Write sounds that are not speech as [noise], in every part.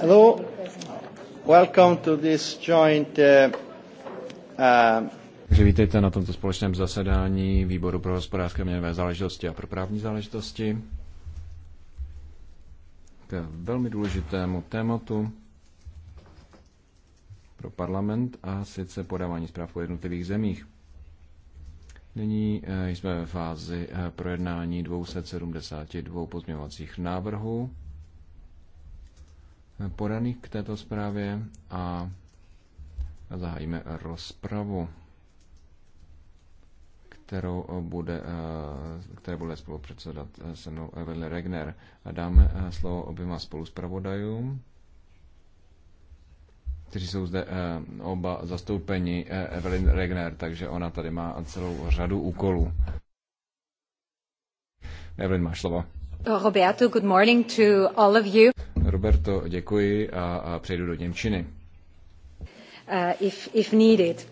Hello, welcome to this joint. Uh, uh, Takže vítejte na tomto společném zasedání Výboru pro hospodářské měnové záležitosti a pro právní záležitosti k velmi důležitému tématu pro parlament a sice podávání zpráv o jednotlivých zemích. Nyní eh, jsme ve fázi eh, projednání 272 pozměňovacích návrhů eh, podaných k této zprávě a zahájíme rozpravu, kterou bude, které bude spolupředsedat se mnou Evelyn Regner. a Dáme slovo oběma spoluzpravodajům kteří jsou zde eh, oba zastoupeni, eh, Evelyn Regner, takže ona tady má celou řadu úkolů. Evelyn, máš slovo. Roberto, good morning to all of you. Roberto, děkuji a, a přejdu do Němčiny. Uh, if, if needed.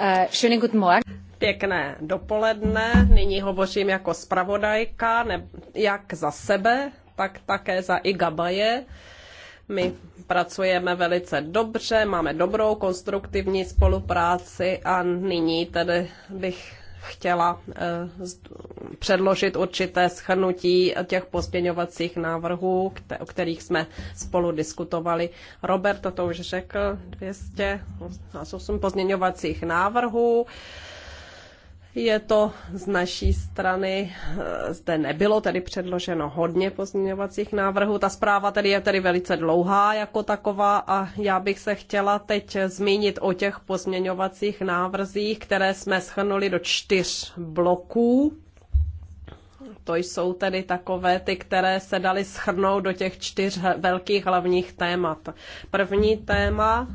Uh, schönen guten Morgen. Pěkné dopoledne. Nyní hovořím jako zpravodajka, ne, jak za sebe, tak také za Igabaje. Uh, my pracujeme velice dobře, máme dobrou konstruktivní spolupráci a nyní tedy bych chtěla eh, předložit určité schrnutí těch pozměňovacích návrhů, o kterých jsme spolu diskutovali. Robert to už řekl, 208 pozměňovacích návrhů. Je to z naší strany, eh, zde nebylo tedy předloženo hodně pozměňovacích návrhů. Ta zpráva tedy je tedy velice dlouhá jako taková a já bych se chtěla teď zmínit o těch pozměňovacích návrzích, které jsme schrnuli do čtyř bloků. To jsou tedy takové ty, které se daly schrnout do těch čtyř velkých hlavních témat. První téma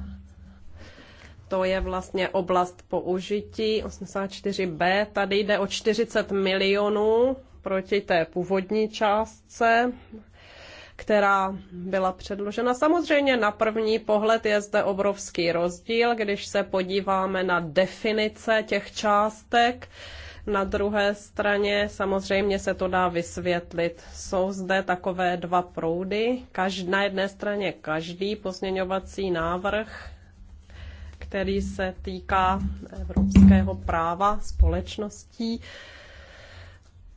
to je vlastně oblast použití 84b. Tady jde o 40 milionů proti té původní částce, která byla předložena. Samozřejmě na první pohled je zde obrovský rozdíl, když se podíváme na definice těch částek. Na druhé straně samozřejmě se to dá vysvětlit. Jsou zde takové dva proudy. Každý, na jedné straně každý pozměňovací návrh který se týká evropského práva společností.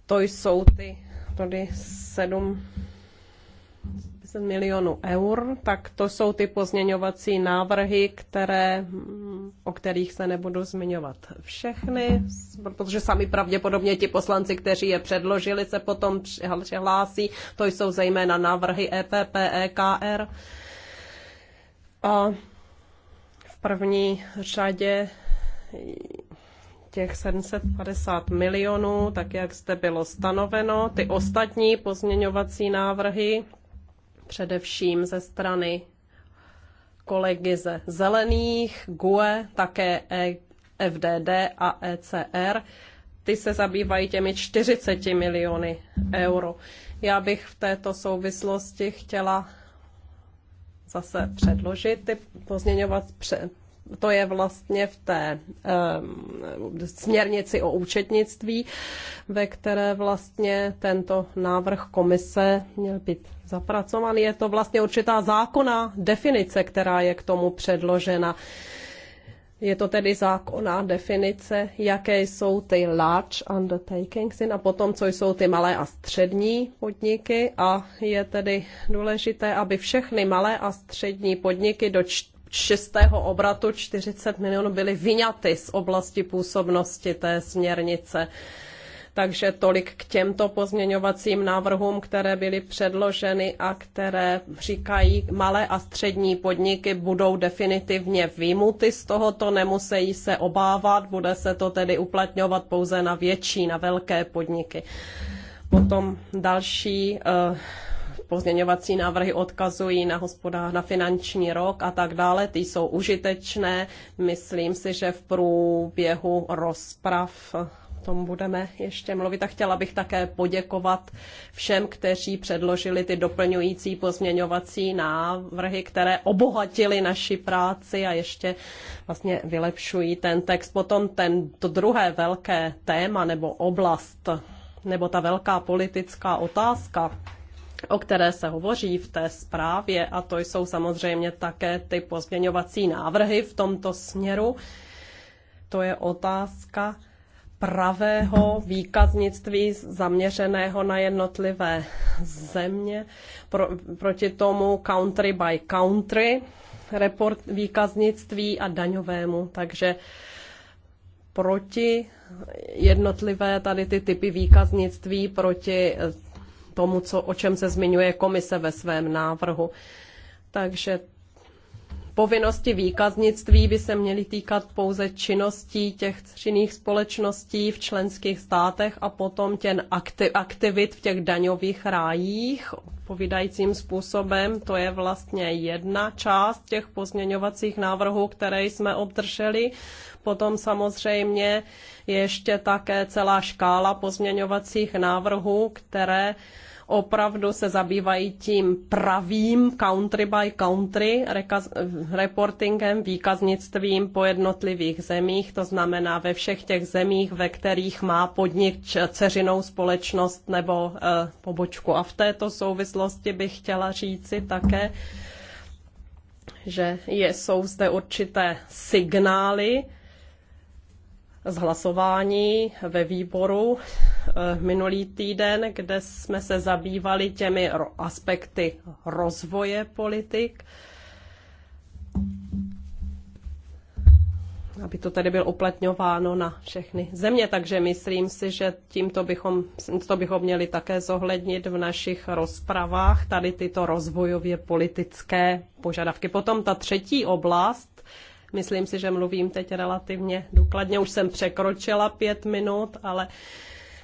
To jsou ty tady 7 milionů eur, tak to jsou ty pozměňovací návrhy, které, o kterých se nebudu zmiňovat všechny, protože sami pravděpodobně ti poslanci, kteří je předložili, se potom přihlásí. To jsou zejména návrhy EPP, EKR. A první řadě těch 750 milionů, tak jak zde bylo stanoveno, ty ostatní pozměňovací návrhy, především ze strany kolegy ze Zelených, GUE, také e FDD a ECR, ty se zabývají těmi 40 miliony euro. Já bych v této souvislosti chtěla zase předložit ty pozměňovat pře- to je vlastně v té um, směrnici o účetnictví, ve které vlastně tento návrh komise měl být zapracovaný. Je to vlastně určitá zákona definice, která je k tomu předložena. Uh, je to tedy zákonná definice, jaké jsou ty large undertakings a potom, co jsou ty malé a střední podniky a je tedy důležité, aby všechny malé a střední podniky do čistého obratu 40 milionů byly vyňaty z oblasti působnosti té směrnice. Takže tolik k těmto pozměňovacím návrhům, které byly předloženy a které říkají, malé a střední podniky budou definitivně výmuty. z tohoto, nemusí se obávat, bude se to tedy uplatňovat pouze na větší, na velké podniky. Potom další eh, pozměňovací návrhy odkazují na, hospodá, na finanční rok a tak dále. Ty jsou užitečné. Myslím si, že v průběhu rozprav tom budeme ještě mluvit a chtěla bych také poděkovat všem, kteří předložili ty doplňující pozměňovací návrhy, které obohatily naši práci a ještě vlastně vylepšují ten text. Potom ten, to druhé velké téma nebo oblast, nebo ta velká politická otázka, o které se hovoří v té zprávě, a to jsou samozřejmě také ty pozměňovací návrhy v tomto směru. To je otázka pravého výkaznictví zaměřeného na jednotlivé země, pro, proti tomu country by country report výkaznictví a daňovému. Takže proti jednotlivé tady ty typy výkaznictví, proti eh, tomu, co, o čem se zmiňuje komise ve svém návrhu. Takže povinnosti výkaznictví by se měly týkat pouze činností těch činných společností v členských státech a potom těch aktivit v těch daňových rájích odpovídajícím způsobem. To je vlastně jedna část těch pozměňovacích návrhů, které jsme obdrželi. Potom samozřejmě ještě také celá škála pozměňovacích návrhů, které opravdu se zabývají tím pravým country by country reportingem, výkaznictvím po jednotlivých zemích, to znamená ve všech těch zemích, ve kterých má podnik ceřinou společnost nebo eh, pobočku. A v této souvislosti bych chtěla říci také, že je, jsou zde určité signály, z hlasování ve výboru eh, minulý týden, kde jsme se zabývali těmi aspekty rozvoje politik. aby to tedy bylo uplatňováno na všechny země. Takže myslím si, že tímto bychom, to bychom měli také zohlednit v našich rozpravách, tady tyto rozvojově politické požadavky. Potom ta třetí oblast, Myslím si, že mluvím teď relativně důkladně. Už jsem překročila pět minut, ale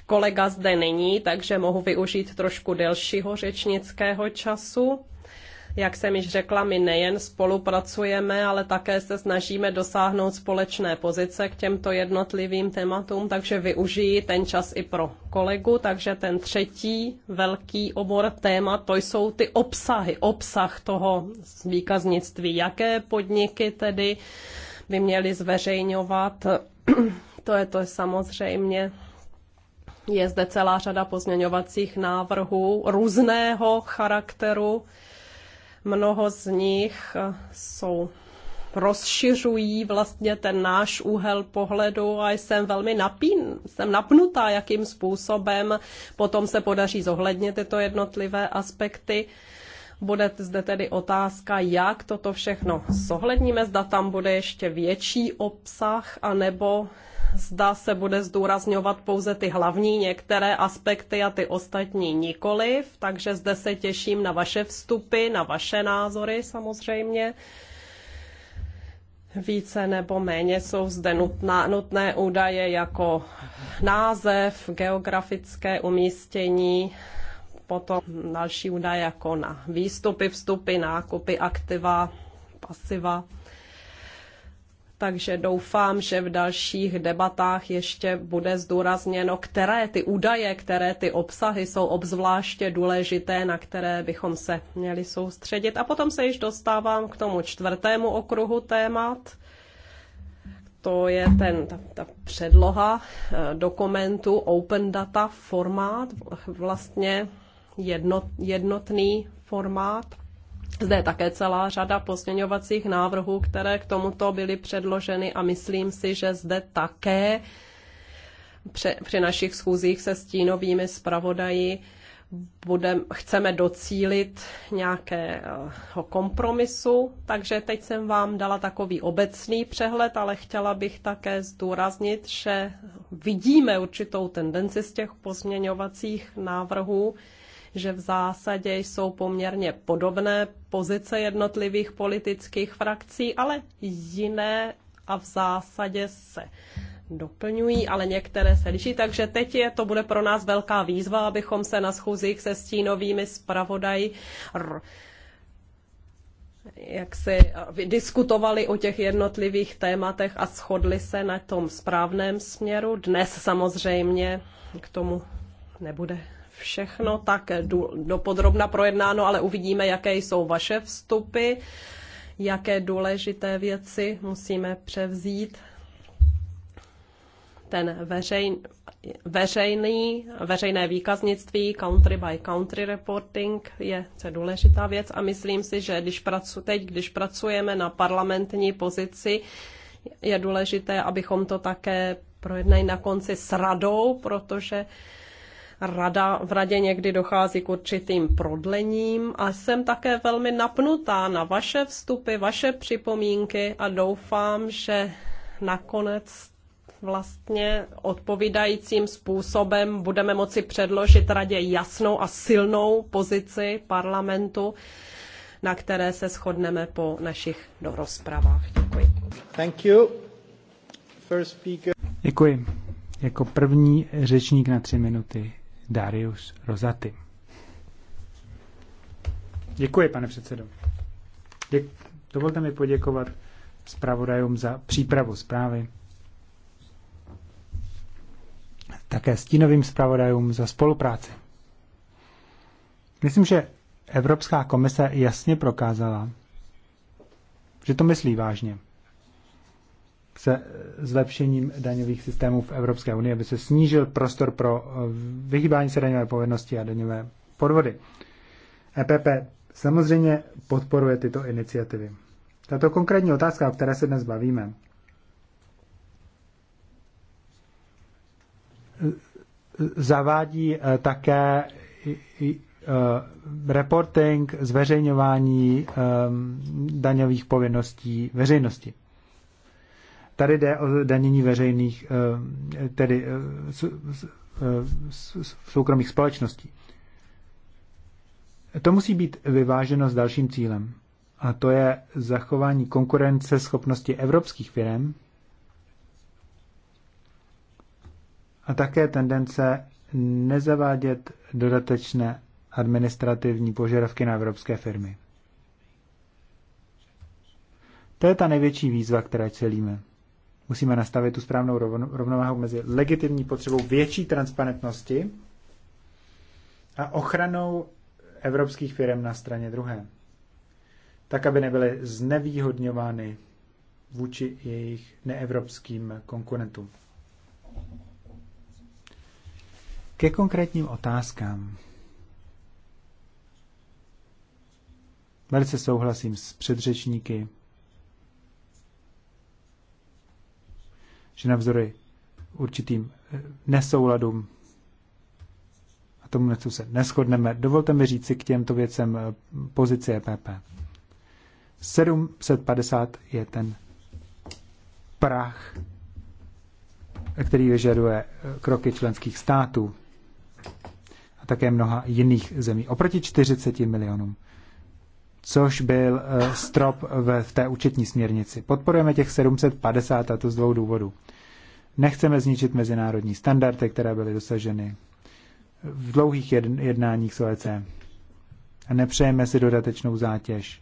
kolega zde není, takže mohu využít trošku delšího řečnického času. Jak jsem již řekla, my nejen spolupracujeme, ale také se snažíme dosáhnout společné pozice k těmto jednotlivým tématům, takže využijí ten čas i pro kolegu. Takže ten třetí velký obor téma, to jsou ty obsahy, obsah toho výkaznictví. Jaké podniky tedy by měly zveřejňovat, [clears throat] to je to samozřejmě je zde celá řada pozměňovacích návrhů různého charakteru, Mnoho z nich eh, jsou rozšiřují vlastně ten náš úhel pohledu a jsem velmi napín, jsem napnutá, jakým způsobem potom se podaří zohlednit tyto jednotlivé aspekty. Bude zde tedy otázka, jak toto všechno zohledníme, zda tam bude ještě větší obsah, anebo zda se bude zdůrazňovat pouze ty hlavní některé aspekty a ty ostatní nikoliv, takže zde se těším na vaše vstupy, na vaše názory samozřejmě. Více nebo méně jsou zde nutná, nutné údaje jako název, geografické umístění, potom další údaje jako na výstupy, vstupy, nákupy, aktiva, pasiva takže doufám, že v dalších debatách ještě bude zdůrazněno, které ty údaje, které ty obsahy jsou obzvláště důležité, na které bychom se měli soustředit. A potom se již dostávám k tomu čtvrtému okruhu témat. To je ten, ta, ta předloha eh, dokumentu Open Data formát, vlastně jedno, jednotný formát zde je také celá řada pozměňovacích návrhů, které k tomuto byly předloženy a myslím si, že zde také při našich schůzích se stínovými zpravodaji budem, chceme docílit nějakého kompromisu, takže teď jsem vám dala takový obecný přehled, ale chtěla bych také zdůraznit, že vidíme určitou tendenci z těch pozměňovacích návrhů, že v zásadě jsou poměrně podobné pozice jednotlivých politických frakcí, ale jiné a v zásadě se doplňují, ale některé se liší, takže teď je, to bude pro nás velká výzva, abychom se na schůzích se stínovými zpravodají jak si eh, diskutovali o těch jednotlivých tématech a shodli se na tom správném směru. Dnes samozřejmě k tomu nebude všechno tak dopodrobna projednáno, ale uvidíme, jaké jsou vaše vstupy, jaké důležité věci musíme převzít. Ten veřejn, veřejný, veřejné výkaznictví, country by country reporting je to je důležitá věc a myslím si, že když pracu, teď, když pracujeme na parlamentní pozici, je důležité, abychom to také projednají na konci s radou, protože rada, v radě někdy dochází k určitým prodlením a jsem také velmi napnutá na vaše vstupy, vaše připomínky a doufám, že nakonec vlastně odpovídajícím způsobem budeme moci předložit radě jasnou a silnou pozici parlamentu, na které se shodneme po našich rozpravách. Děkuji. Thank you. First speaker. Děkuji. Jako první řečník na tři minuty Darius Rosati. Děkuji, pane předsedo. Děk... Dovolte mi poděkovat zpravodajům za přípravu zprávy. Také stínovým zpravodajům za spolupráci. Myslím, že Evropská komise jasně prokázala, že to myslí vážně se zlepšením daňových systémů v Evropské unii, aby se snížil prostor pro eh, vyhýbání se daňové povinnosti a daňové podvody. EPP samozřejmě podporuje tyto iniciativy. Tato konkrétní otázka, o které se dnes bavíme, eh, zavádí eh, také reporting, zveřejňování daňových povinností veřejnosti. Tady jde o danění veřejných, eh, tedy eh, eh, soukromých společností. To musí být vyváženo s dalším cílem, a to je zachování konkurence schopnosti evropských firm a také tendence nezavádět dodatečné administrativní požadavky na evropské firmy. To je ta největší výzva, které čelíme. Musíme nastavit tu správnou rovnováhu mezi legitimní potřebou větší transparentnosti a ochranou evropských firm na straně druhé, tak aby nebyly znevýhodňovány vůči jejich neevropským konkurentům. Ke konkrétním otázkám. Velice souhlasím s předřečníky že navzory určitým eh, nesouladům a tomu, co se neschodneme, dovolte mi říci k těmto věcem eh, pozici EPP. 750 je ten prach, který vyžaduje eh, kroky členských států a také mnoha jiných zemí. Oproti 40 milionům což byl eh, strop v té účetní směrnici. Podporujeme těch 750 a to z dvou důvodů. Nechceme zničit mezinárodní standardy, které byly dosaženy v dlouhých jednáních s OEC. A nepřejeme si dodatečnou zátěž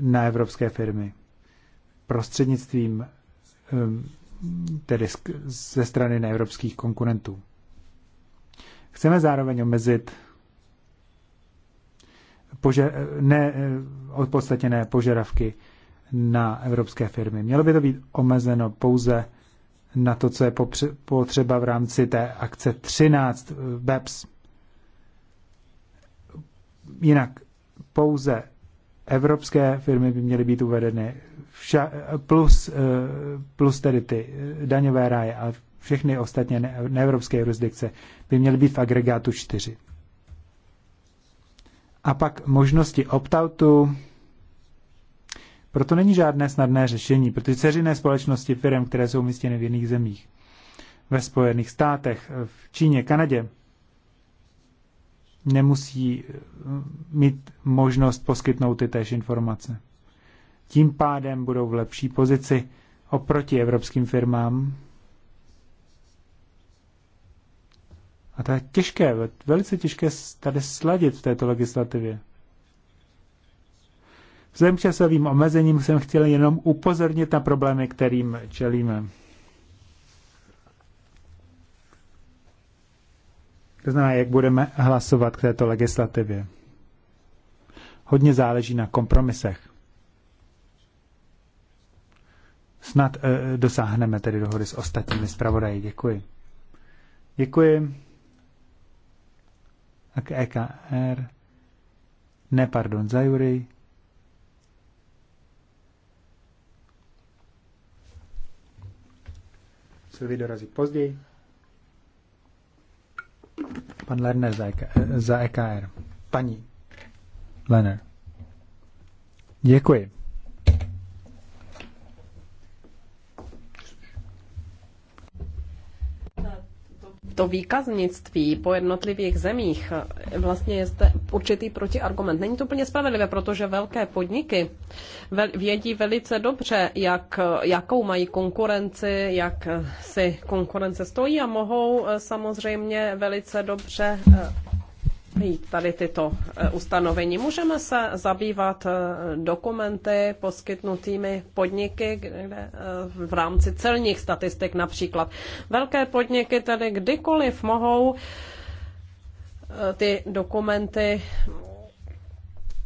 na evropské firmy. Prostřednictvím ehm, tedy ze strany neevropských konkurentů. Chceme zároveň omezit pože- ne, odpodstatněné eh, požadavky na evropské firmy. Mělo by to být omezeno pouze na to, co je potřeba v rámci té akce 13 eh, BEPS. Jinak pouze evropské firmy by měly být uvedeny eh, plus, plus tedy ty daňové ráje, a všechny ostatně neevropské jurisdikce by měly být v agregátu 4. A pak možnosti opt-outu. Proto není žádné snadné řešení, protože ceřinné společnosti firm, které jsou umístěny v jiných zemích, ve Spojených státech, v Číně, Kanadě, nemusí eh, mít možnost poskytnout ty též informace. Tím pádem budou v lepší pozici oproti evropským firmám, A to je těžké, velice těžké tady sladit v této legislativě. Vzhledem k časovým omezením jsem chtěl jenom upozornit na problémy, kterým čelíme. To znamená, jak budeme hlasovat k této legislativě. Hodně záleží na kompromisech. Snad e, dosáhneme tedy dohody s ostatními zpravodaji. Děkuji. Děkuji a k EKR, ne, pardon, za Jury. Sylvie dorazí později. Pan Lerner za, EK, za EKR. Paní Lerner. Děkuji. to výkaznictví po jednotlivých zemích, eh, vlastně je zde určitý protiargument. Není to úplně spravedlivé, protože velké podniky vědí velice dobře, jak, eh, jakou mají konkurenci, jak eh, si konkurence stojí a mohou samozřejmě velice dobře tady tyto e, ustanovení. Můžeme se zabývat e, dokumenty poskytnutými podniky kde e, v rámci celních statistik například. Velké podniky tedy kdykoliv mohou ty dokumenty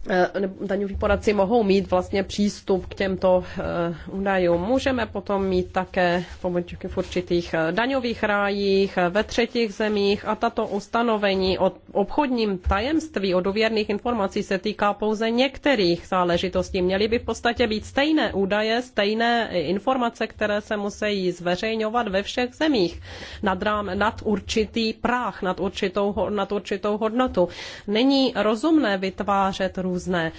Eh, daňoví poradci mohou mít vlastně přístup k těmto eh, údajům. Můžeme potom mít také pomoci v určitých eh, daňových rájích ve třetích zemích a tato ustanovení o obchodním tajemství, o důvěrných informací se týká pouze některých záležitostí. Měly by v podstatě být stejné údaje, stejné informace, které se musí zveřejňovat ve všech zemích nad, rám, nad určitý práh, nad určitou, nad určitou hodnotu. Není rozumné vytvářet různé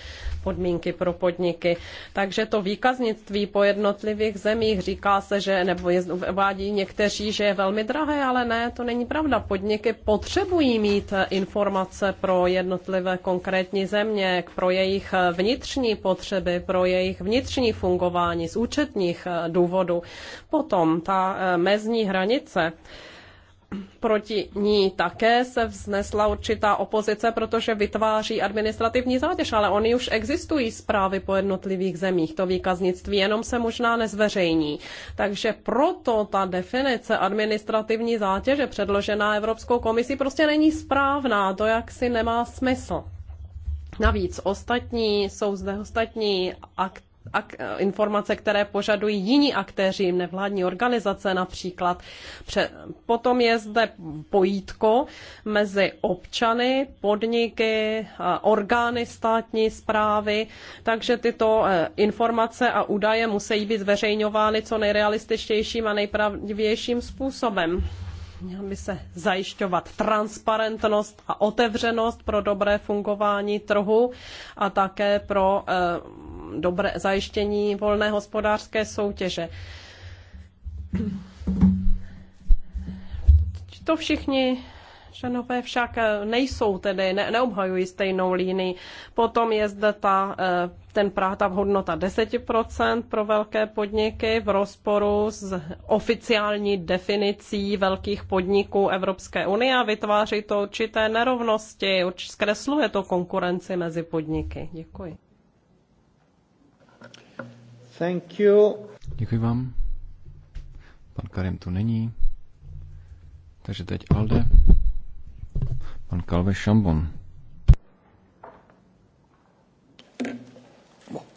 podmínky pro podniky. Takže to výkaznictví po jednotlivých zemích říká se, že nebo je, vádí někteří, že je velmi drahé, ale ne, to není pravda. Podniky potřebují mít informace pro jednotlivé konkrétní země, pro jejich vnitřní potřeby, pro jejich vnitřní fungování z účetních důvodů. Potom ta eh, mezní hranice proti ní také se vznesla určitá opozice, protože vytváří administrativní zátěž, ale oni už existují zprávy po jednotlivých zemích, to výkaznictví jenom se možná nezveřejní. Takže proto ta definice administrativní zátěže předložená Evropskou komisí prostě není správná, to jaksi nemá smysl. Navíc ostatní, jsou zde ostatní akt, ak- informace, které požadují jiní aktéři, nevládní organizace například. Pře- potom je zde pojítko mezi občany, podniky, orgány státní zprávy, takže tyto e, informace a údaje musí být zveřejňovány co nejrealističtějším a nejpravdivějším způsobem Měl by se zajišťovat transparentnost a otevřenost pro dobré fungování trhu a také pro e, dobré zajištění volné hospodářské soutěže. To všichni členové však nejsou tedy, ne, neobhajují stejnou línii. Potom je zde ta, eh, ten práta v hodnota 10% pro velké podniky v rozporu s oficiální definicí velkých podniků Evropské unie a vytváří to určité nerovnosti, zkresluje to konkurenci mezi podniky. Děkuji. Thank you. Děkuji vám. Pan Karim tu není. Takže teď Alde. Pan Kalve Šambon.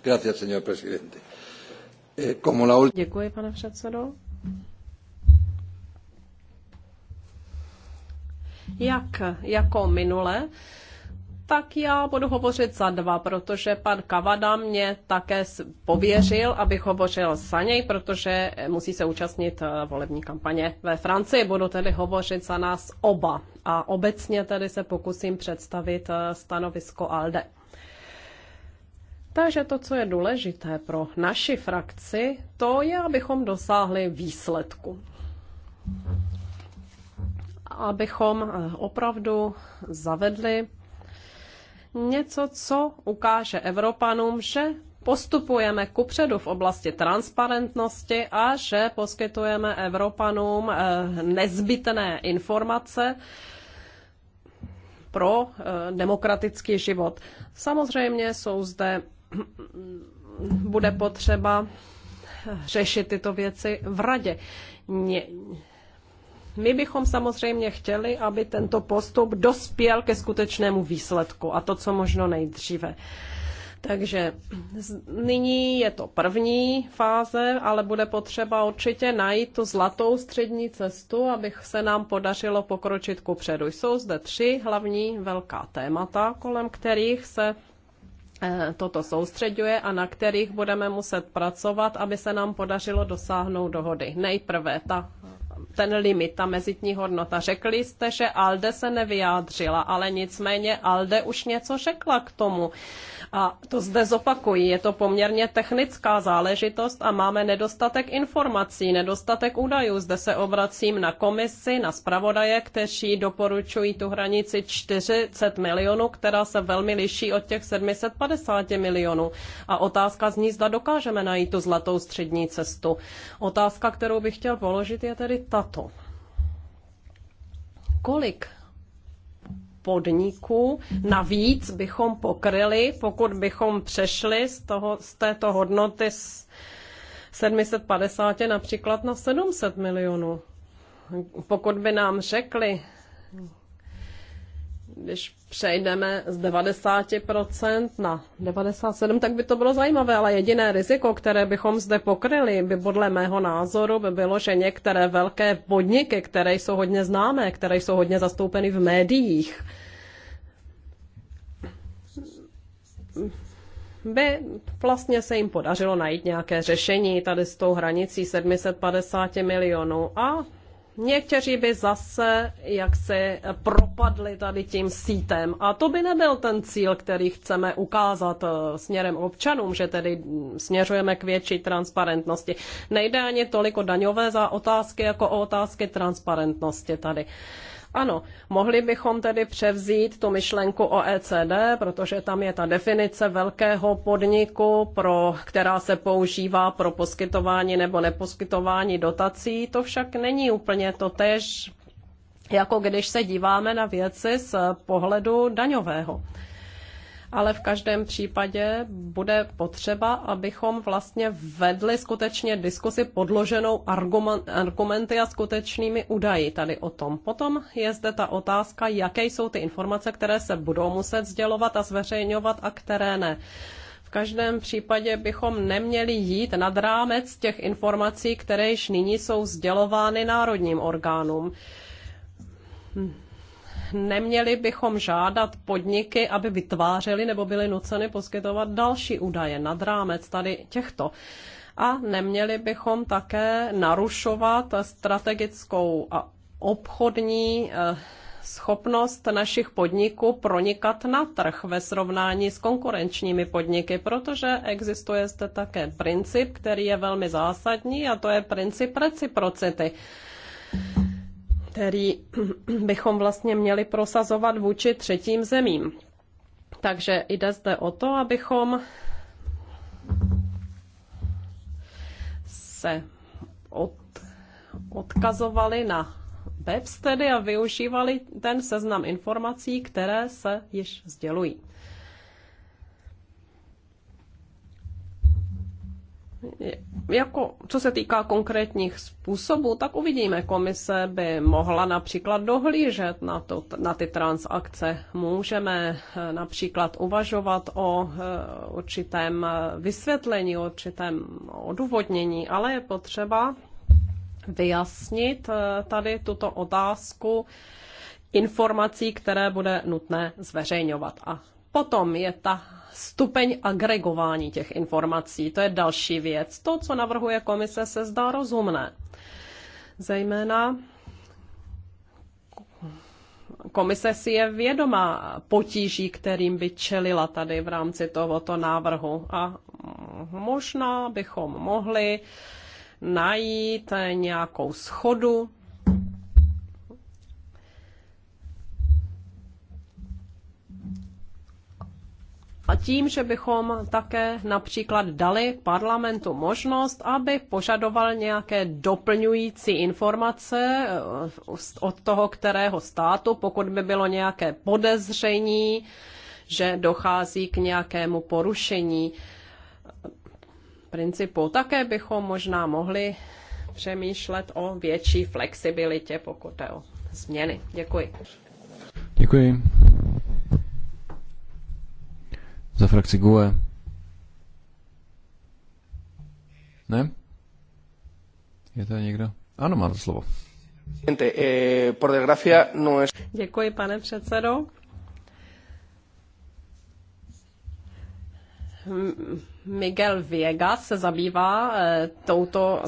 Gracias, señor presidente. Eh, Děkuji, pane předsedo. Jak jako minule, tak já budu hovořit za dva, protože pan Kavada mě také pověřil, abych hovořil za něj, protože musí se účastnit eh, volební kampaně ve Francii. Budu tedy hovořit za nás oba a obecně tedy se pokusím představit eh, stanovisko ALDE. Takže to, co je důležité pro naši frakci, to je, abychom dosáhli výsledku. Abychom eh, opravdu zavedli něco, co ukáže Evropanům, že postupujeme kupředu v oblasti transparentnosti a že poskytujeme Evropanům eh, nezbytné informace, pro eh, demokratický život. Samozřejmě jsou zde, [clears throat] bude potřeba řešit tyto věci v radě. Ně, my bychom samozřejmě chtěli, aby tento postup dospěl ke skutečnému výsledku a to, co možno nejdříve. Takže nyní je to první fáze, ale bude potřeba určitě najít tu zlatou střední cestu, abych se nám podařilo pokročit ku předu. Jsou zde tři hlavní velká témata, kolem kterých se eh, toto soustředuje a na kterých budeme muset pracovat, aby se nám podařilo dosáhnout dohody. Nejprve ta ten limit, ta mezitní hodnota. Řekli jste, že ALDE se nevyjádřila, ale nicméně ALDE už něco řekla k tomu. A to zde zopakují. je to poměrně technická záležitost a máme nedostatek informací, nedostatek údajů. Zde se obracím na komisi, na zpravodaje, kteří doporučují tu hranici 40 milionů, která se velmi liší od těch 750 milionů. A otázka zní, zda dokážeme najít tu zlatou střední cestu. Otázka, kterou bych chtěl položit, je tedy tato. Kolik podniků navíc bychom pokryli, pokud bychom přešli z, toho, z této hodnoty z 750 například na 700 milionů? Pokud by nám řekli, když přejdeme z 90% na 97%, tak by to bylo zajímavé, ale jediné riziko, které bychom zde pokryli, by podle mého názoru by bylo, že některé velké podniky, které jsou hodně známé, které jsou hodně zastoupeny v médiích, by vlastně se jim podařilo najít nějaké řešení tady s tou hranicí 750 milionů a Někteří by zase jak se propadli tady tím sítem. A to by nebyl ten cíl, který chceme ukázat eh, směrem občanům, že tedy směřujeme k větší transparentnosti. Nejde ani tolik o daňové za otázky, jako o otázky transparentnosti tady. Uh, ano, mohli bychom tedy převzít tu myšlenku OECD, protože tam je ta definice velkého podniku, pro, která se používá pro poskytování nebo neposkytování dotací. To však není úplně to tež, jako když se díváme na věci z pohledu daňového ale v každém případě bude potřeba, abychom vlastně vedli skutečně diskusi podloženou argumenty a skutečnými údaji tady o tom. Potom je zde ta otázka, jaké jsou ty informace, které se budou muset sdělovat a zveřejňovat a které ne. V každém případě bychom neměli jít nad rámec těch informací, které již nyní jsou sdělovány národním orgánům. Hm neměli bychom žádat podniky, aby vytvářely nebo byly nuceny poskytovat další údaje nad rámec tady těchto a neměli bychom také narušovat strategickou a obchodní eh, schopnost našich podniků pronikat na trh ve srovnání s konkurenčními podniky, protože existuje zde také princip, který je velmi zásadní a to je princip reciprocity který [clears throat] bychom vlastně měli prosazovat vůči třetím zemím. Takže jde zde o to, abychom se od, odkazovali na BEPS tedy a využívali ten seznam informací, které se již sdělují. Jako, co se týká konkrétních způsobů, tak uvidíme. Komise by mohla například dohlížet na, to, na ty transakce. Můžeme eh, například uvažovat o eh, určitém vysvětlení, o určitém odůvodnění, ale je potřeba vyjasnit eh, tady tuto otázku informací, které bude nutné zveřejňovat. A potom je ta stupeň agregování těch informací. To je další věc. To, co navrhuje komise, se zdá rozumné. Zejména komise si je vědomá potíží, kterým by čelila tady v rámci tohoto návrhu. A možná bychom mohli najít nějakou schodu A tím, že bychom také například dali parlamentu možnost, aby požadoval nějaké doplňující informace eh, od toho, kterého státu, pokud by bylo nějaké podezření, že dochází k nějakému porušení principu. Také bychom možná mohli přemýšlet o větší flexibilitě, pokud je o změny. Děkuji. Děkuji. Za frakci GUE. Ne? Je to někdo? Ano, máte slovo. Eh, no Děkuji, pane předsedo. Miguel Viegas se zabývá eh, touto,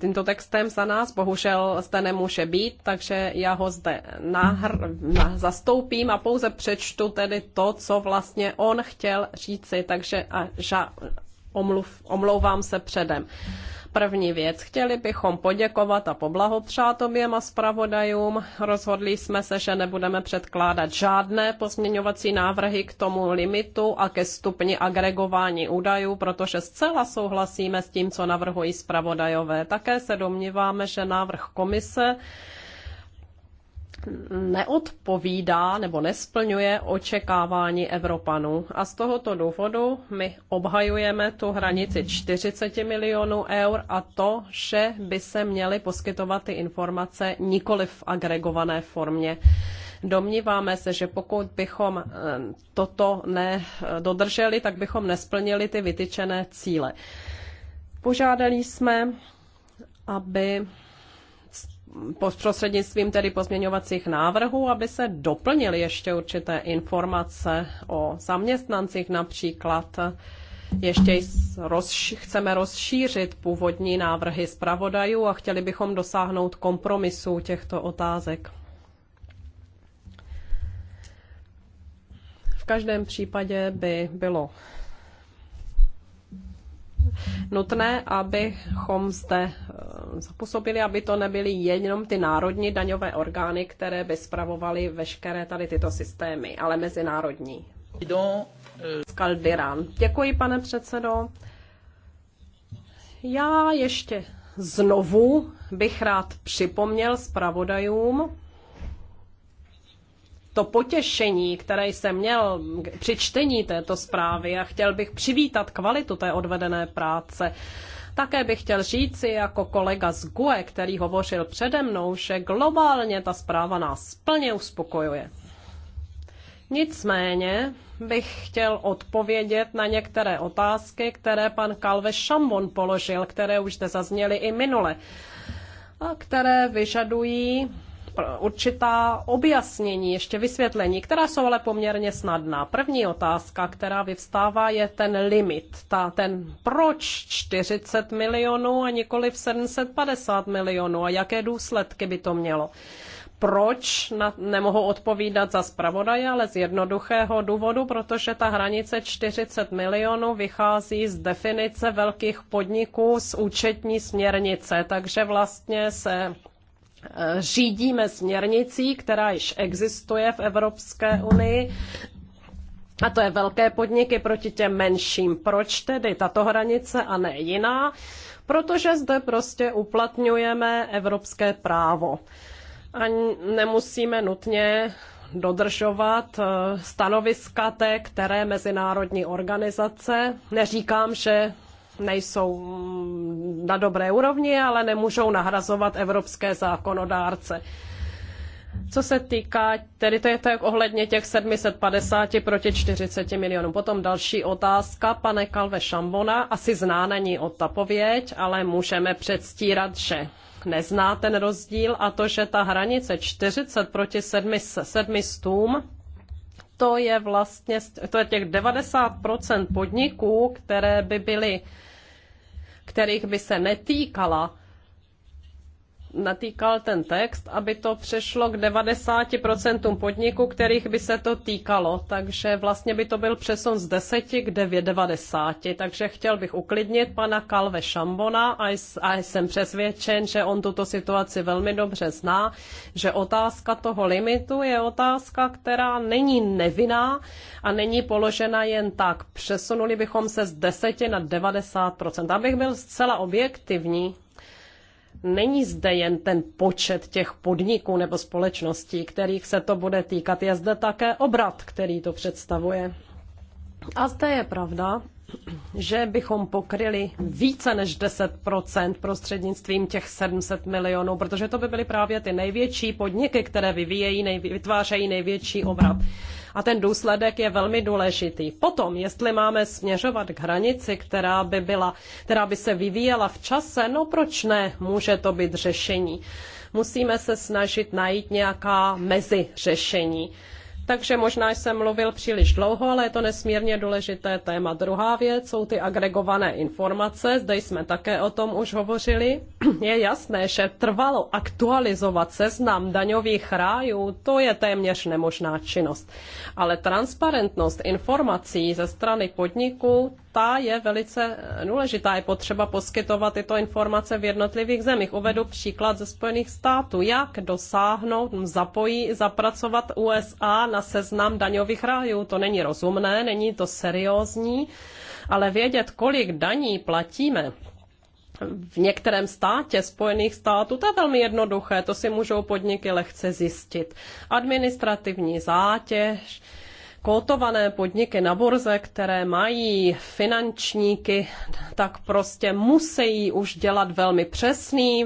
tímto textem za nás. Bohužel zde nemůže být, takže já ho zde nahr, na, zastoupím a pouze přečtu tedy to, co vlastně on chtěl říci. Takže a, ža, omluv, omlouvám se předem. Uh, první věc. Chtěli bychom poděkovat a poblahopřát oběma zpravodajům. Rozhodli jsme se, že nebudeme předkládat žádné pozměňovací návrhy k tomu limitu a ke stupni agregování údajů, protože zcela souhlasíme s tím, co navrhují zpravodajové. Také se domníváme, že návrh komise neodpovídá nebo nesplňuje očekávání Evropanů. A z tohoto důvodu my obhajujeme tu hranici 40 milionů eur a to, že by se měly poskytovat ty informace nikoli v agregované formě. Domníváme se, že pokud bychom eh, toto nedodrželi, eh, tak bychom nesplnili ty vytyčené cíle. Požádali jsme, aby prostřednictvím tedy pozměňovacích návrhů, aby se doplnily ještě určité informace o zaměstnancích například. Ještě rozši- chceme rozšířit původní návrhy zpravodajů a chtěli bychom dosáhnout kompromisu těchto otázek. V každém případě by bylo nutné, abychom zde eh, zapůsobili, aby to nebyly jenom ty národní daňové orgány, které by spravovaly veškeré tady tyto systémy, ale mezinárodní. Skaldiran. Děkuji, pane předsedo. Já ještě znovu bych rád připomněl zpravodajům, to potěšení, které jsem měl při čtení této zprávy a chtěl bych přivítat kvalitu té odvedené práce. Také bych chtěl říci jako kolega z GUE, který hovořil přede mnou, že globálně ta zpráva nás plně uspokojuje. Nicméně bych chtěl odpovědět na některé otázky, které pan Kalve Šambon položil, které už zde zazněly i minule a které vyžadují určitá objasnění, ještě vysvětlení, která jsou ale poměrně snadná. První otázka, která vyvstává, je ten limit, ta, ten proč 40 milionů a nikoli 750 milionů a jaké důsledky by to mělo proč na, nemohu odpovídat za zpravodaje, ale z jednoduchého důvodu, protože ta hranice 40 milionů vychází z definice velkých podniků z účetní směrnice, takže vlastně se řídíme směrnicí, která již existuje v Evropské unii, a to je velké podniky proti těm menším. Proč tedy tato hranice a ne jiná? Protože zde prostě uplatňujeme evropské právo. A nemusíme nutně dodržovat eh, stanoviska té, které mezinárodní organizace. Neříkám, že nejsou mm, na dobré úrovni, ale nemůžou nahrazovat evropské zákonodárce. Co se týká, tedy to je tak ohledně těch 750 proti 40 milionů. Potom další otázka, pane Kalve Šambona, asi zná na ní odpověď, ale můžeme předstírat, že nezná ten rozdíl a to, že ta hranice 40 proti 700 to je vlastně to je těch 90% podniků, které by byly kterých by se netýkala natýkal ten text, aby to přešlo k 90% podniků, kterých by se to týkalo. Takže vlastně by to byl přesun z 10 k 90. Takže chtěl bych uklidnit pana Kalve Šambona a jsem přesvědčen, že on tuto situaci velmi dobře zná, že otázka toho limitu je otázka, která není nevinná a není položena jen tak. Přesunuli bychom se z 10 na 90%. Abych byl zcela objektivní, není zde jen ten počet těch podniků nebo společností, kterých se to bude týkat. Je zde také obrat, který to představuje. A zde je pravda, že bychom pokryli více než 10% prostřednictvím těch 700 milionů, protože to by byly právě ty největší podniky, které vyvíjejí, nejvě, vytvářejí největší obrat a ten důsledek je velmi důležitý. Potom, jestli máme směřovat k hranici, která by, byla, která by se vyvíjela v čase, no proč ne, může to být řešení. Musíme se snažit najít nějaká meziřešení. řešení takže možná jsem mluvil příliš dlouho, ale je to nesmírně důležité téma. Druhá věc jsou ty agregované informace, zde jsme také o tom už hovořili. [clears throat] Je jasné, že trvalo aktualizovat seznam daňových rájů, to je téměř nemožná činnost. Ale transparentnost informací ze strany podniku, ta je velice eh, důležitá. Je potřeba poskytovat tyto informace v jednotlivých zemích. Uvedu příklad ze Spojených států. Jak dosáhnout, zapojí, zapracovat USA na seznam daňových rájů? To není rozumné, není to seriózní, ale vědět, kolik daní platíme, v některém státě Spojených států, to je velmi jednoduché, to si můžou podniky lehce zjistit. Administrativní zátěž, kotované podniky na burze, které mají finančníky, tak prostě musí už dělat velmi přesný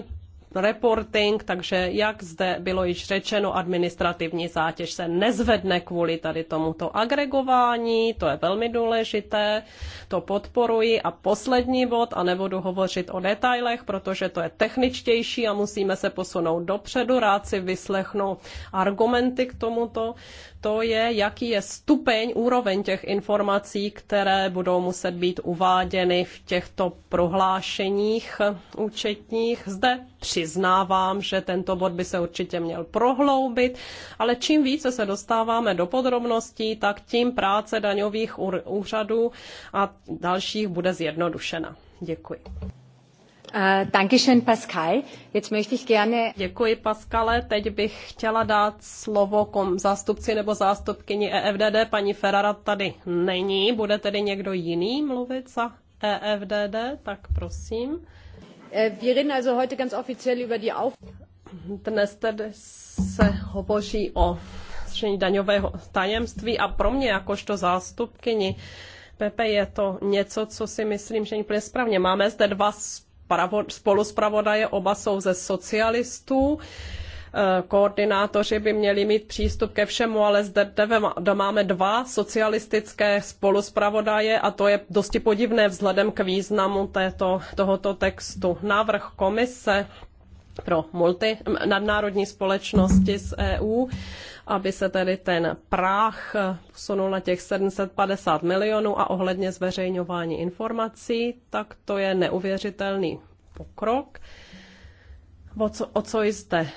reporting, takže jak zde bylo již řečeno, administrativní zátěž se nezvedne kvůli tady tomuto agregování, to je velmi důležité, to podporuji. A poslední bod, a nebudu hovořit o detailech, protože to je techničtější a musíme se posunout dopředu, rád si vyslechnu argumenty k tomuto, to je, jaký je stupeň, úroveň těch informací, které budou muset být uváděny v těchto prohlášeních účetních. Zde Přiznávám, že tento bod by se určitě měl prohloubit, ale čím více se dostáváme do podrobností, tak tím práce daňových úřadů a dalších bude zjednodušena. Děkuji. Eh, Pascal. Jetzt möchte ich gerne... Děkuji, Pascale. Teď bych chtěla dát slovo kom zástupci nebo zástupkyni EFDD. Paní Ferrara tady není. Bude tedy někdo jiný mluvit za EFDD? Tak prosím. Äh, wir reden also heute ganz offiziell über die Auf Dnes tedy se hovoří o zřešení daňového tajemství a pro mě jakožto zástupkyni Pepe je to něco, co si myslím, že úplně správně. Máme zde dva spoluspravodaje, oba jsou ze socialistů. Uh, Eh, koordinátoři by měli mít přístup ke všemu, ale zde máme dva socialistické spoluspravodaje a to je dosti podivné vzhledem k významu této, tohoto textu. Návrh komise pro multi, nadnárodní společnosti z EU, aby se tedy ten práh eh, posunul na těch 750 milionů a ohledně zveřejňování informací, tak to je neuvěřitelný pokrok. O co, o co jste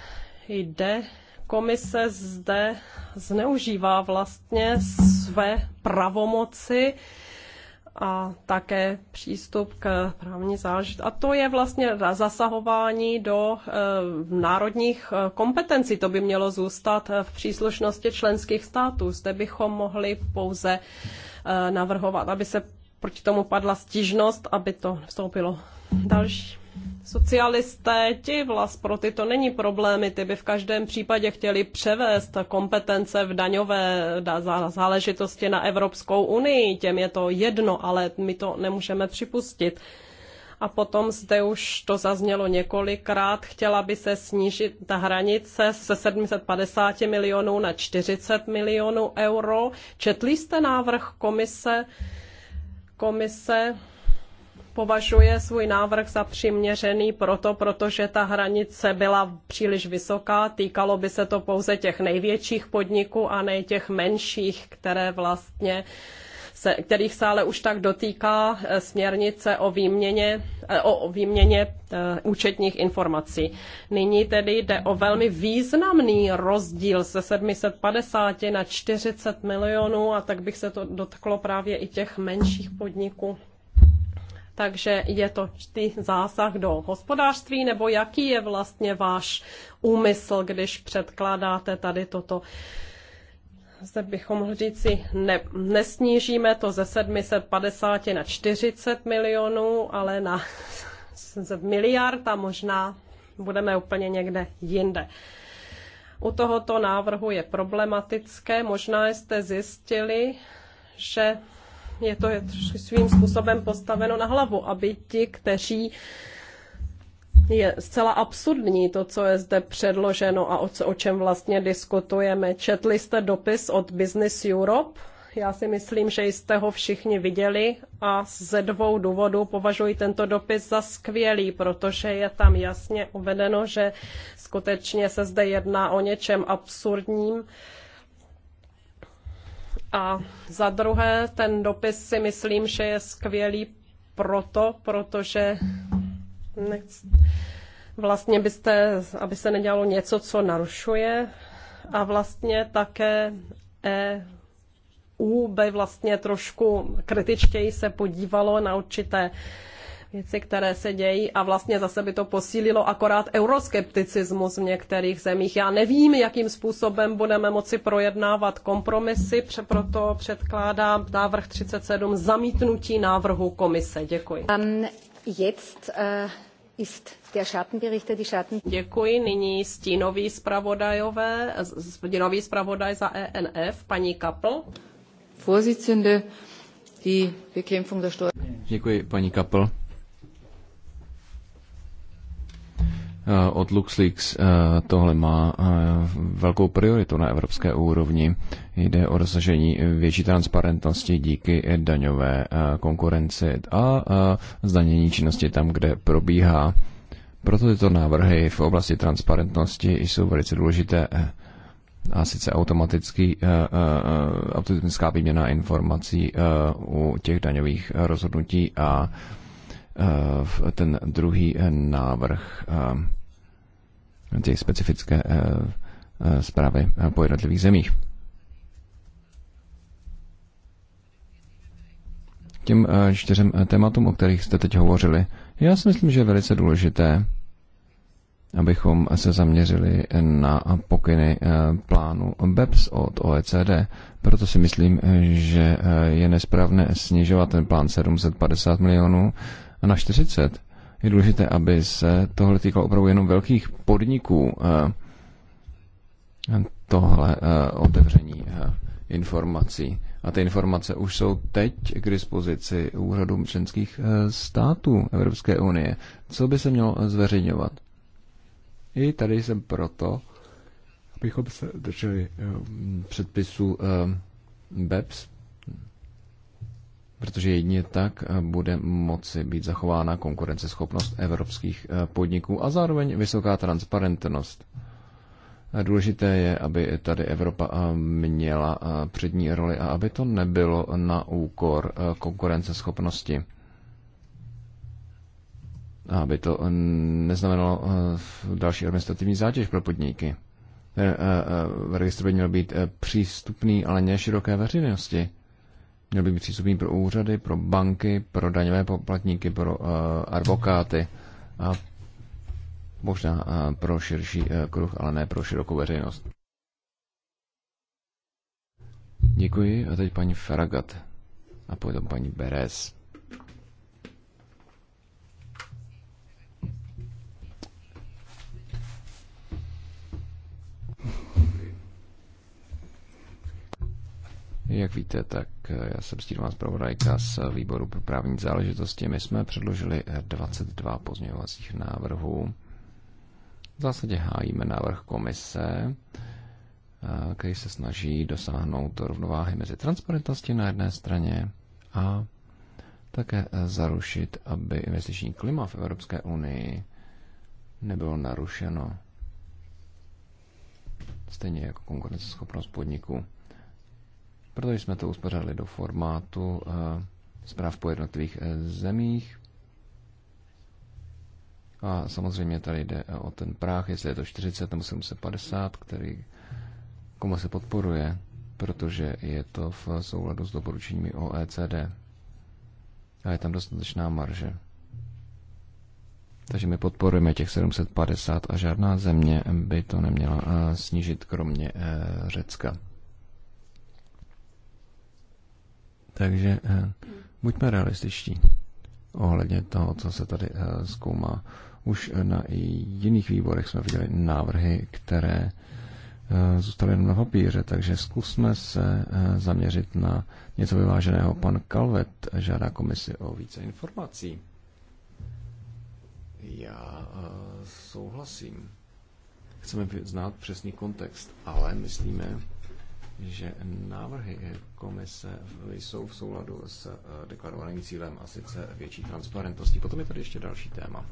jde, komise zde zneužívá vlastně své pravomoci a také přístup k právní záležitosti. A to je vlastně zasahování do e, národních eh, kompetencí. To by mělo zůstat eh, v příslušnosti členských států. Zde bychom mohli pouze e, navrhovat, aby se proti tomu padla stížnost, aby to vstoupilo. Další. Socialisté, ti vlast pro ty to není problémy, ty by v každém případě chtěli převést kompetence v daňové záležitosti na Evropskou unii, těm je to jedno, ale my to nemůžeme připustit. A potom zde už to zaznělo několikrát, chtěla by se snížit ta hranice se 750 milionů na 40 milionů euro. Četli jste návrh komise? Komise považuje svůj návrh za přiměřený proto, protože ta hranice byla příliš vysoká, týkalo by se to pouze těch největších podniků a ne těch menších, které vlastně se, kterých se ale už tak dotýká eh, směrnice o výměně, eh, o výměně eh, účetních informací. Nyní tedy jde o velmi významný rozdíl ze 750 na 40 milionů a tak bych se to dotklo právě i těch menších podniků. Takže je to ty zásah do hospodářství, nebo jaký je vlastně váš úmysl, když předkládáte tady toto? Zde bychom mohli říci, ne, nesnížíme to ze 750 na 40 milionů, ale na miliard a možná budeme úplně někde jinde. U tohoto návrhu je problematické. Možná jste zjistili, že je to svým způsobem postaveno na hlavu, aby ti, kteří je zcela absurdní to, co je zde předloženo a o, o čem vlastně diskutujeme. Četli jste dopis od Business Europe? Já si myslím, že jste ho všichni viděli a ze dvou důvodů považuji tento dopis za skvělý, protože je tam jasně uvedeno, že skutečně se zde jedná o něčem absurdním, a za druhé, ten dopis si myslím, že je skvělý proto, protože vlastně byste, aby se nedělalo něco, co narušuje a vlastně také EU by vlastně trošku kritičtěji se podívalo na určité věci, které se dějí a vlastně zase by to posílilo akorát euroskepticismus v některých zemích. Já nevím, jakým způsobem budeme moci projednávat kompromisy, proto předkládám návrh 37 zamítnutí návrhu komise. Děkuji. Um, jetzt, uh... Děkuji. Nyní stínový zpravodajové, stínový zpravodaj za ENF, paní Kapl. Vorsitzende, die Bekämpfung der Steuer. Děkuji, paní Kapl. Eh, od LuxLeaks eh, tohle má eh, velkou prioritu na evropské úrovni. Jde o dosažení větší transparentnosti díky daňové konkurenci a zdanění činnosti tam, kde probíhá. Proto tyto návrhy v oblasti transparentnosti jsou velice důležité a sice automatický, automatická výměna informací u těch daňových rozhodnutí a ten druhý návrh ty specifické eh, eh, zprávy eh, po jednotlivých zemích. těm čtyřem tématům, o kterých jste teď hovořili. Já si myslím, že je velice důležité, abychom se zaměřili na pokyny plánu BEPS od OECD. Proto si myslím, že je nesprávné snižovat ten plán 750 milionů na 40 je důležité, aby se tohle týkalo opravdu jenom velkých podniků, eh, tohle eh, otevření eh, informací. A ty informace už jsou teď k dispozici úřadům členských států Evropské unie. Co by se mělo zveřejňovat? I tady jsem proto, abychom se drželi předpisu BEPS, protože jedině tak eh, bude moci být zachována konkurenceschopnost evropských eh, podniků a zároveň vysoká transparentnost. Eh, důležité je, aby tady Evropa měla přední roli a aby to nebylo na úkor konkurenceschopnosti. A aby to neznamenalo další administrativní zátěž pro podniky. Registr by měl být přístupný, ale ne široké veřejnosti měl by být přístupný pro úřady, pro banky, pro daňové poplatníky, pro uh, advokáty a možná uh, pro širší uh, kruh, ale ne pro širokou veřejnost. Děkuji a teď paní Feragat a potom paní Beres. Jak víte, tak Eh, já jsem vás zpravodajka z výboru pro právní záležitosti. My jsme předložili 22 eh, pozměňovacích návrhů. V zásadě hájíme návrh komise, eh, který se snaží dosáhnout rovnováhy mezi transparentností na jedné straně a také zarušit, aby investiční klima v Evropské unii nebylo narušeno. Stejně jako konkurenceschopnost podniků protože jsme to uspořádali do formátu eh, zpráv po jednotlivých eh, zemích. A samozřejmě tady jde eh, o ten práh, jestli je to 40 nebo 750, který komu se podporuje, protože je to v souladu s doporučeními OECD. A je tam dostatečná marže. Takže my podporujeme těch 750 a žádná země by to neměla snížit kromě Řecka. Takže eh, buďme realističtí ohledně toho, co se tady eh, zkoumá. Už eh, na jiných výborech jsme viděli návrhy, které zůstaly jenom na papíře, takže zkusme se zaměřit na něco vyváženého. Pan Kalvet žádá komisi o více informací. Já souhlasím. Chceme znát přesný kontext, ale myslíme, že návrhy komise jsou v souladu s eh, deklarovaným cílem a sice větší transparentností. Potom je tady ještě další téma.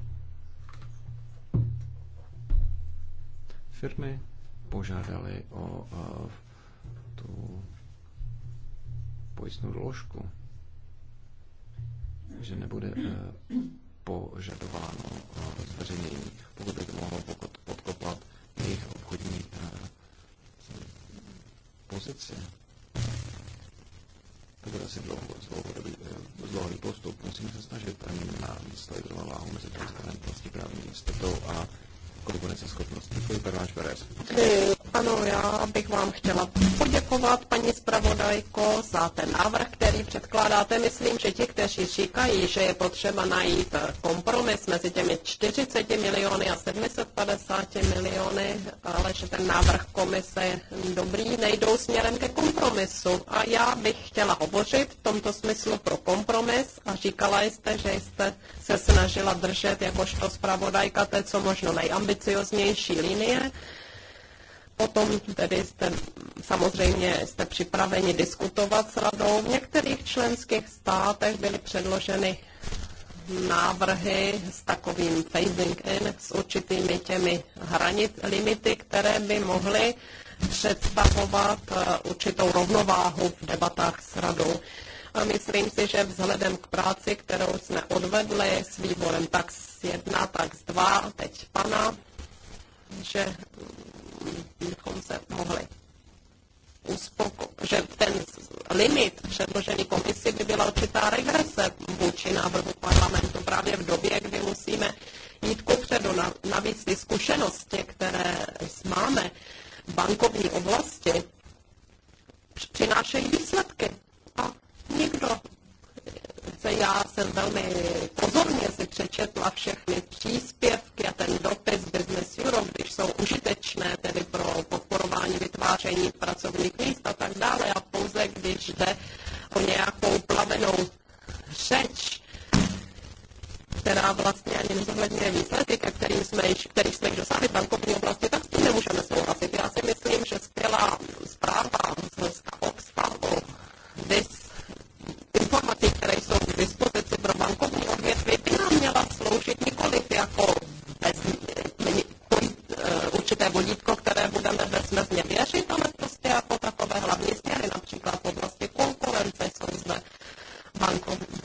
Firmy požádali o eh, tu pojistnou doložku, že nebude eh, požadováno zveřejnění, pokud by to mohlo podkopat jejich obchodní pozici. To bude asi dlouho, dlouhodobý, eh, postup. Musíme se snažit nastavit váhu mezi transparentností, právní jistotou a konkurenceschopnost. Děkuji, Váš Perez. Eh, ano, já bych vám chtěla poděkovat, paní zpravodajko, za ten návrh, který předkládáte. Myslím, že ti, kteří říkají, že je potřeba najít eh, kompromis mezi těmi 40 miliony a 750 miliony, ale že ten návrh komise je dobrý, nejdou směrem ke kompromisu. A já bych chtěla hovořit v tomto smyslu pro kompromis a říkala jste, že jste se snažila držet jakožto zpravodajka té, co možno nejambicioznější linie. Potom tedy jste, samozřejmě jste připraveni diskutovat s radou. V některých členských státech byly předloženy návrhy s takovým phasing in, s určitými těmi hranit, limity, které by mohly představovat eh, určitou rovnováhu v debatách s radou. A myslím si, že vzhledem k práci, kterou jsme odvedli s výborem tak z jedna, tak z dva, teď pana, že mm, bychom se mohli uspoko- že ten limit předložený komisi by byla určitá regrese vůči návrhu parlamentu právě v době, kdy musíme jít kupředu. Na, navíc ty zkušenosti, které máme v bankovní oblasti, přinášejí výsledky nikdo. Já jsem velmi pozorně si přečetla všechny příspěvky a ten dopis Business Europe, když jsou užitečné tedy pro podporování vytváření pracovních míst a tak dále. A pouze když jde o nějakou plavenou řeč, která vlastně ani nezohledňuje výsledky, ke kterým jsme již, kterých jsme již dosáhli v bankovní oblasti, tak s tím nemůžeme souhlasit. Já si myslím, že skvělá zpráva z Oxfamu, this informací, které jsou k dispozici pro bankovní odvětví, by nám měla sloužit nikoliv jako bez, eh, určité vodítko, které budeme bezmezně věřit, ale prostě jako takové hlavní směry, například v oblasti konkurence jsou zde bankovní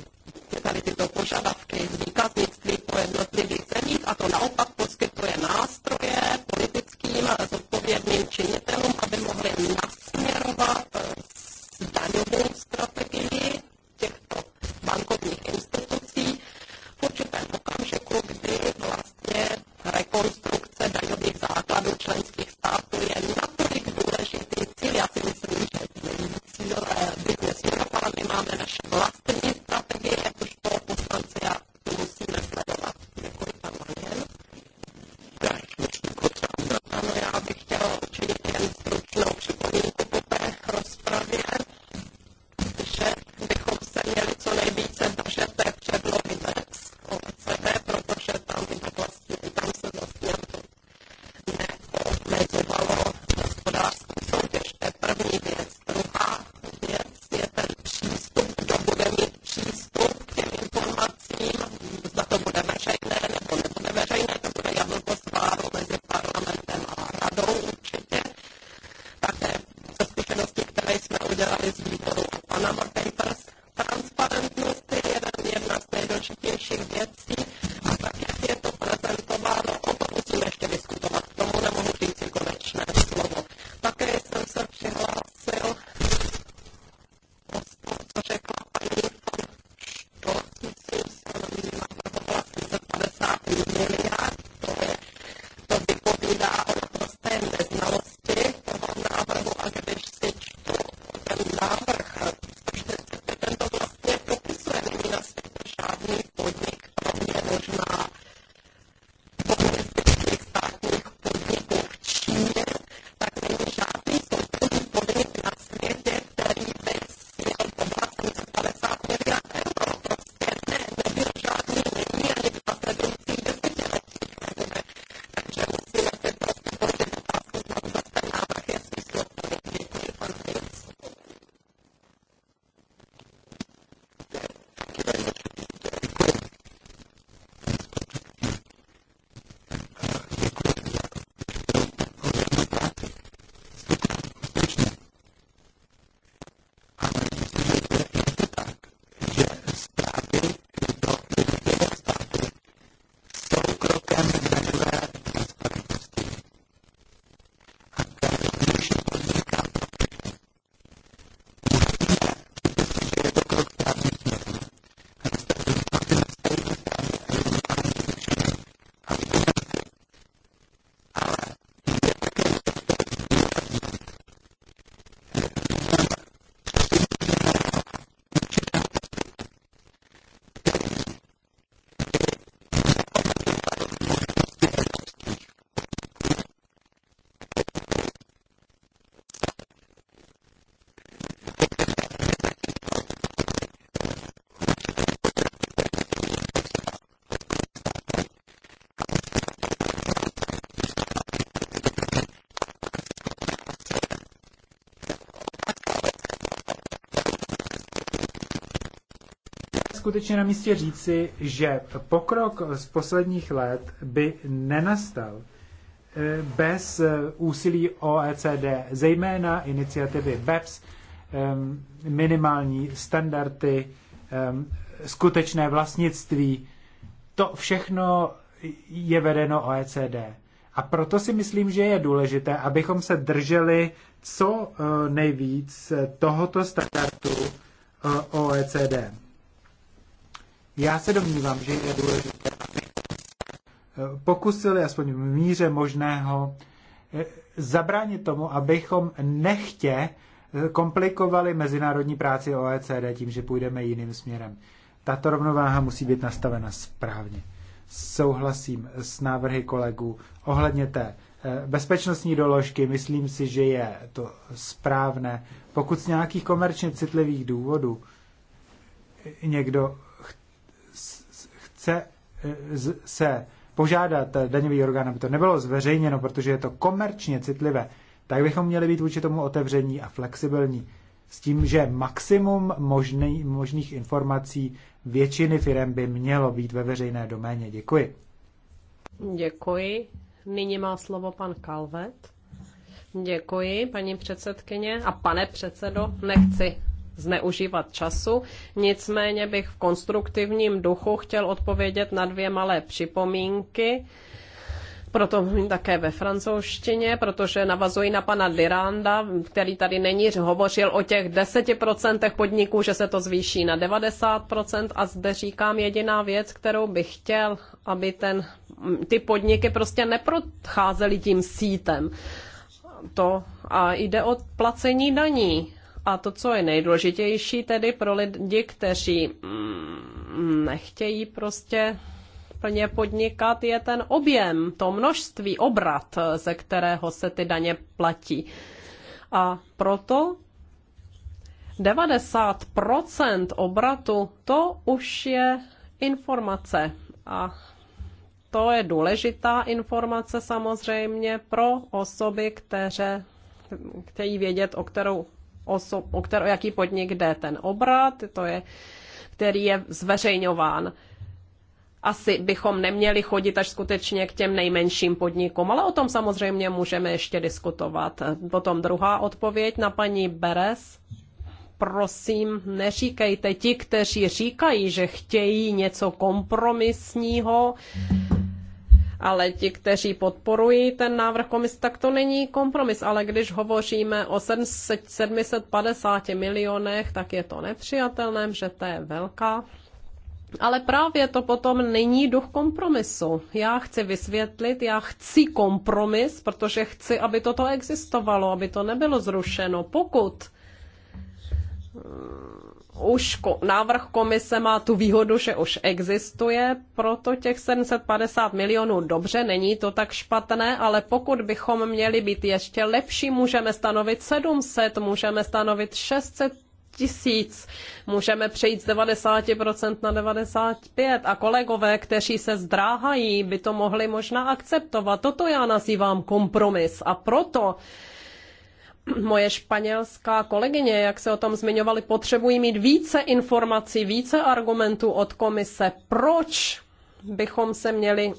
tady tyto požadavky z výkaznictví po jednotlivých zemích a to naopak poskytuje nástroje skutečně na místě říci, že pokrok z posledních let by nenastal eh, bez eh, úsilí OECD, zejména iniciativy BEPS, ehm, minimální standardy, ehm, skutečné vlastnictví. To všechno je vedeno OECD. A proto si myslím, že je důležité, abychom se drželi co eh, nejvíc tohoto standardu OECD. Já se domnívám, že je důležité, eh, pokusili aspoň v míře možného eh, zabránit tomu, abychom nechtě eh, komplikovali mezinárodní práci OECD tím, že půjdeme jiným směrem. Tato rovnováha musí být nastavena správně. Souhlasím s návrhy kolegů ohledně té bezpečnostní doložky. Myslím si, že je to správné. Pokud z nějakých komerčně citlivých důvodů někdo chce eh, se požádat eh, daňový orgán, aby to nebylo zveřejněno, protože je to komerčně citlivé, tak bychom měli být vůči tomu otevření a flexibilní. S tím, že maximum možný, možných informací většiny firm by mělo být ve veřejné doméně. Děkuji. Děkuji. Nyní má slovo pan Kalvet. Děkuji, paní předsedkyně. A pane předsedo, nechci zneužívat času. Nicméně bych v konstruktivním duchu chtěl odpovědět na dvě malé připomínky. Proto mluvím také ve francouzštině, protože navazuji na pana Diranda, který tady není, hovořil o těch 10% podniků, že se to zvýší na 90% a zde říkám jediná věc, kterou bych chtěl, aby ten, ty podniky prostě neprocházely tím sítem. To a jde o placení daní a to, co je nejdůležitější tedy pro lidi, kteří mm, nechtějí prostě plně podnikat, je ten objem, to množství, obrat, ze kterého se ty daně platí. A proto 90% obratu to už je informace. A to je důležitá informace samozřejmě pro osoby, které chtějí vědět, o kterou osob, o, kter, o jaký podnik jde ten obrat, to je, který je zveřejňován. Asi bychom neměli chodit až skutečně k těm nejmenším podnikům, ale o tom samozřejmě můžeme ještě diskutovat. Potom druhá odpověď na paní Beres prosím, neříkejte ti, kteří říkají, že chtějí něco kompromisního, ale ti, kteří podporují ten návrh komise, tak to není kompromis, ale když hovoříme o 700, 750 milionech, tak je to nepřijatelné, že to je velká ale právě to potom není duch kompromisu. Já chci vysvětlit, já chci kompromis, protože chci, aby toto existovalo, aby to nebylo zrušeno. Pokud už návrh komise má tu výhodu, že už existuje, proto těch 750 milionů dobře, není to tak špatné, ale pokud bychom měli být ještě lepší, můžeme stanovit 700, můžeme stanovit 600 tisíc, můžeme přejít z 90% na 95% a kolegové, kteří se zdráhají, by to mohli možná akceptovat. Toto já nazývám kompromis a proto moje španělská kolegyně, jak se o tom zmiňovali, potřebují mít více informací, více argumentů od komise. Proč bychom se měli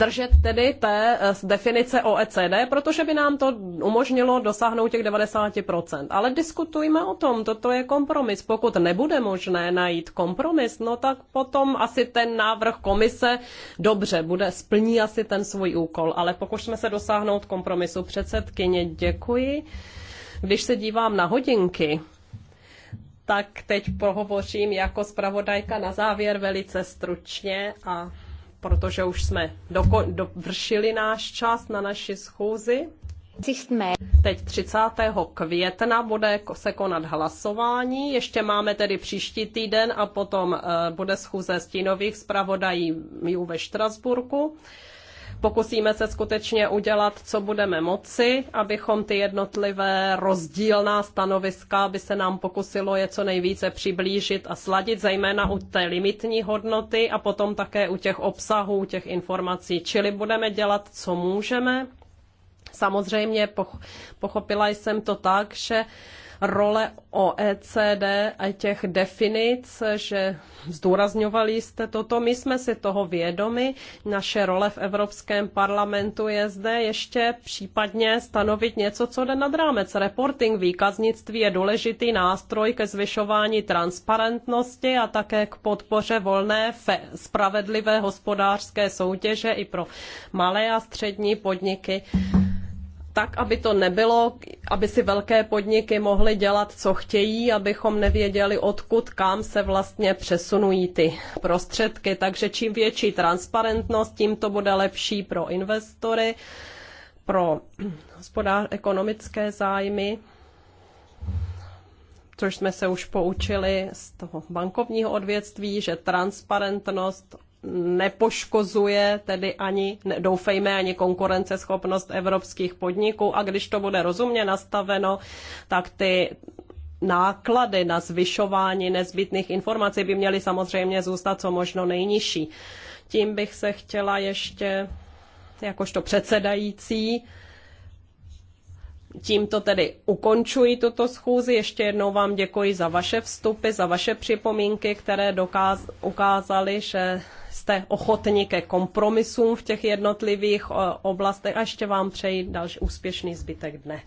držet tedy té eh, definice OECD, protože by nám to umožnilo dosáhnout těch 90%. Ale diskutujme o tom, toto je kompromis. Pokud nebude možné najít kompromis, no tak potom asi ten návrh komise dobře bude, splní asi ten svůj úkol. Ale pokusme se dosáhnout kompromisu. Předsedkyně, děkuji. Když se dívám na hodinky, tak teď pohovořím jako zpravodajka na závěr velice stručně a protože už jsme doko- dovršili náš čas na naši schůzi. Teď 30. května bude se konat hlasování. Ještě máme tedy příští týden a potom eh, bude schůze stínových zpravodají ve Štrasburku. Pokusíme se skutečně udělat, co budeme moci, abychom ty jednotlivé rozdílná stanoviska, aby se nám pokusilo je co nejvíce přiblížit a sladit, zejména u té limitní hodnoty a potom také u těch obsahů, těch informací. Čili budeme dělat, co můžeme. Samozřejmě pochopila jsem to tak, že role OECD a těch definic, že zdůrazňovali jste toto. My jsme si toho vědomi. Naše role v Evropském parlamentu je zde ještě případně stanovit něco, co jde nad rámec. Reporting výkaznictví je důležitý nástroj ke zvyšování transparentnosti a také k podpoře volné, spravedlivé hospodářské soutěže i pro malé a střední podniky tak, aby to nebylo, aby si velké podniky mohly dělat, co chtějí, abychom nevěděli, odkud, kam se vlastně přesunují ty prostředky. Takže čím větší transparentnost, tím to bude lepší pro investory, pro hospodář, ekonomické zájmy, což jsme se už poučili z toho bankovního odvětví, že transparentnost nepoškozuje tedy ani, doufejme, ani konkurenceschopnost evropských podniků a když to bude rozumně nastaveno, tak ty náklady na zvyšování nezbytných informací by měly samozřejmě zůstat co možno nejnižší. Tím bych se chtěla ještě, jakožto předsedající, Tímto tedy ukončuji tuto schůzi. Ještě jednou vám děkuji za vaše vstupy, za vaše připomínky, které dokáz- ukázaly, že jste ochotni ke kompromisům v těch jednotlivých eh, oblastech a ještě vám přeji další úspěšný zbytek dne.